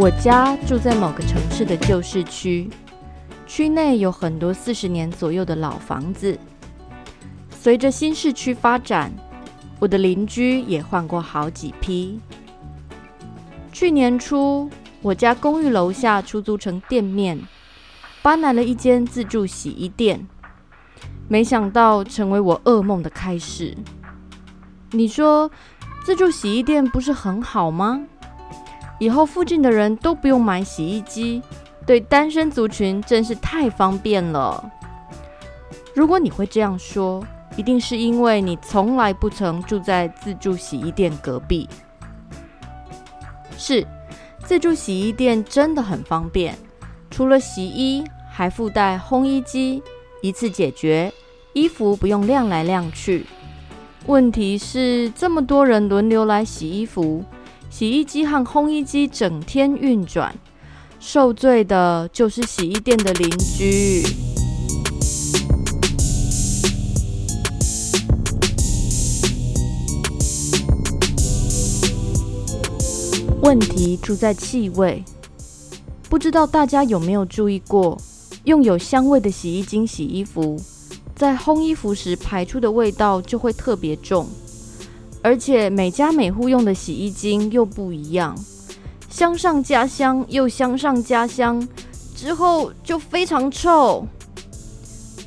我家住在某個城市的舊市區，區內有很多四十年左右的老房子。隨着新市區發展，我的鄰居也換過好幾批。去年初，我家公寓樓下出租成店面，搬來了一間自助洗衣店，沒想到成為我噩夢的開始。你說，自助洗衣店不是很好嗎？以後附近的人都不用買洗衣機，對單身族群真是太方便了。如果你會這樣說，一定是因為你從來不曾住在自助洗衣店隔壁。是，自助洗衣店真的很方便，除了洗衣，還附帶烘衣機，一次解決，衣服不用晾來晾去。問題是，這麼多人輪流來洗衣服。洗衣機和烘衣機整天運轉，受罪的就是洗衣店的鄰居。問題出在氣味，不知道大家有沒有注意過，用有香味的洗衣精洗衣服，在烘衣服時排出的味道就會特別重。而且每家每戶用的洗衣精又不一樣，香上加香又香上加香，之後就非常臭。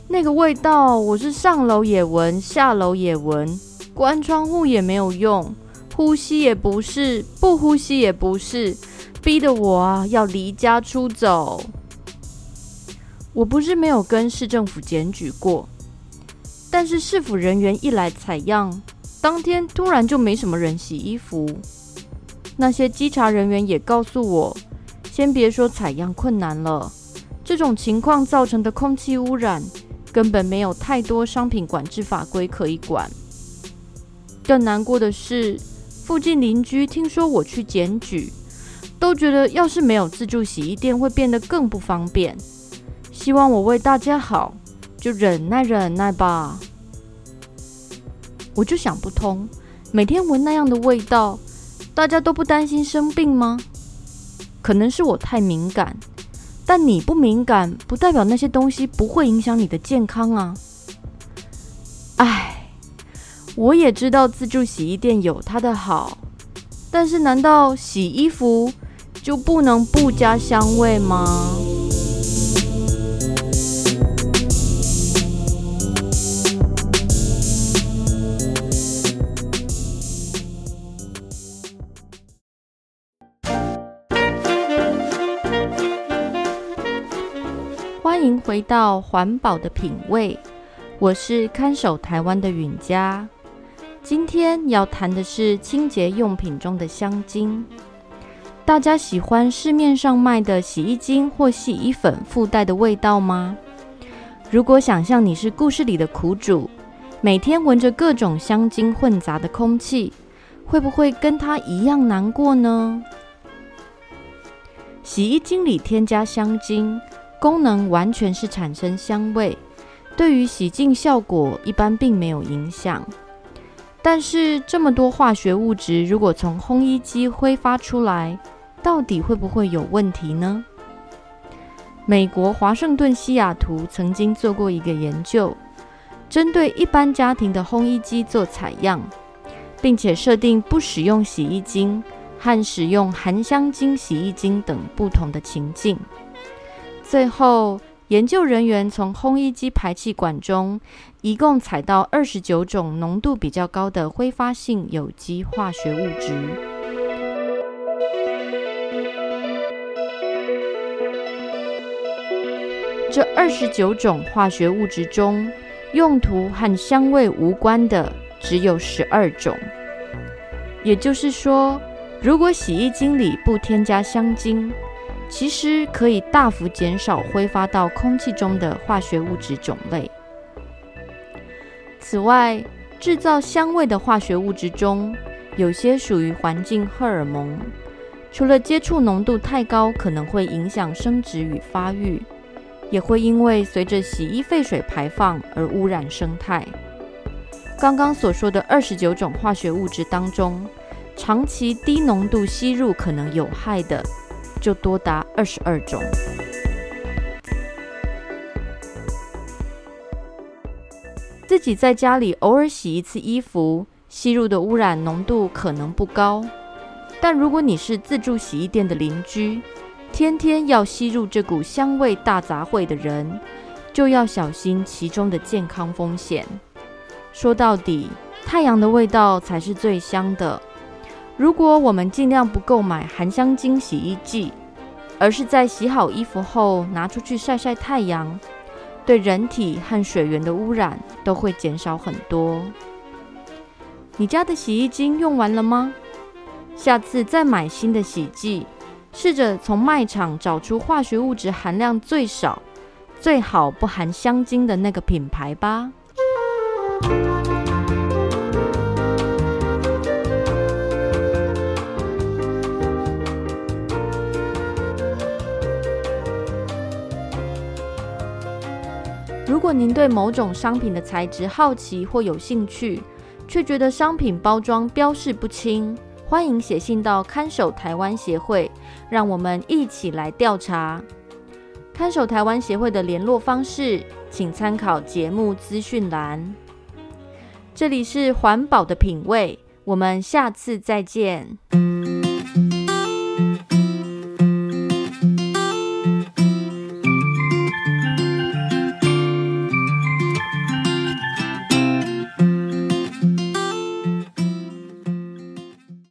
那個味道，我是上樓也聞，下樓也聞，關窗戶也沒有用，呼吸也不是，不呼吸也不是，逼得我啊要離家出走。我不是沒有跟市政府檢舉過，但是市府人員一來採樣。當天突然就沒什麼人洗衣服，那些稽查人員也告訴我，先別說採樣困難了，這種情況造成的空氣污染，根本沒有太多商品管制法規可以管。更難過的是，附近鄰居聽說我去檢舉，都覺得要是沒有自助洗衣店會變得更不方便，希望我為大家好，就忍耐忍耐吧。我就想不通，每天聞那樣的味道，大家都不擔心生病嗎？可能是我太敏感，但你不敏感不代表那些東西不會影響你的健康啊。唉，我也知道自助洗衣店有它的好，但是難道洗衣服就不能不加香味嗎？歡迎回到環保的品味，我是看守台灣的允嘉。今天要談的是清潔用品中的香精。大家喜歡市面上賣的洗衣精或洗衣粉附帶的味道嗎？如果想象你是故事裡的苦主，每天聞着各種香精混雜的空氣，會不會跟他一樣難過呢？洗衣精裡添加香精。功能完全是產生香味，對於洗淨效果一般並沒有影響。但是這麼多化學物質如果從烘衣機揮發出來，到底會不會有問題呢？美國華盛頓西雅圖曾經做過一個研究，針對一般家庭的烘衣機做採樣，並且設定不使用洗衣精和使用含香精洗衣精等不同的情境。最後，研究人員從烘衣機排氣管中一共採到二十九種濃度比較高的揮發性有機化學物質。這二十九種化學物質中，用途和香味無關的只有十二種。也就是說，如果洗衣精裡不添加香精，其實可以大幅減少揮發到空氣中的化學物質種類。此外，製造香味的化學物質中，有些屬於環境荷爾蒙，除了接觸濃度太高可能會影響生殖與發育，也會因為隨着洗衣廢水排放而污染生態。剛剛所說的二十九種化學物質當中，長期低濃度吸入可能有害的，就多達二十二種。自己在家裡偶爾洗一次衣服，吸入的污染濃度可能不高。但如果你是自助洗衣店的鄰居，天天要吸入這股香味大雜燴的人，就要小心其中的健康風險。說到底，太陽的味道才是最香的。如果我們盡量不購買含香精洗衣劑，而是在洗好衣服後拿出去曬曬太陽，對人體和水源的污染都會減少很多。你家的洗衣精用完了嗎？下次再買新的洗劑，試着從賣場找出化學物質含量最少、最好不含香精的那個品牌吧。如果您對某種商品的材質好奇或有興趣，卻覺得商品包裝標示不清，歡迎寫信到看守台灣協會，讓我們一起來調查。看守台灣協會的聯絡方式，請參考節目資訊欄。這裡是環保的品味，我們下次再見。